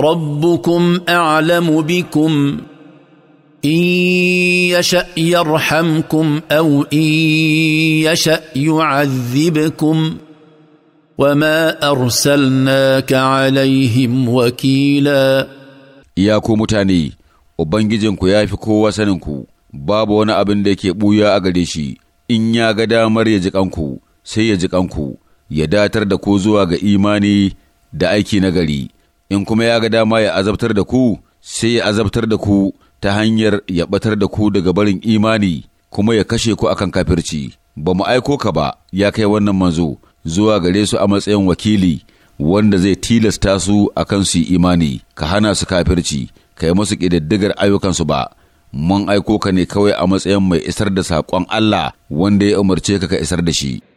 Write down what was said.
ربكم اعلم بكم ان يشا يرحمكم او ان يشا يعذبكم وما ارسلناك عليهم وكيلا يا ko mutane ubangijinku ya fi kowa saninku babu wani abin da yake ɓuya a gare shi in ya ga damar ya ji kanku sai ya ji kanku ya datar da ku zuwa ga imani da aiki na gari in kuma ya ga dama ya azabtar da ku sai ya azabtar da ku ta hanyar ya batar da ku daga barin imani kuma ya kashe ku akan kafirci ba mu aiko ka ba ya kai wannan manzo zuwa gare su a matsayin wakili wanda zai tilasta su akan su imani ka hana su kafirci ka yi musu ƙididdigar ayyukansu ba mun aiko ka ne kawai a matsayin mai isar da saƙon Allah wanda ya umarce ka ka isar da shi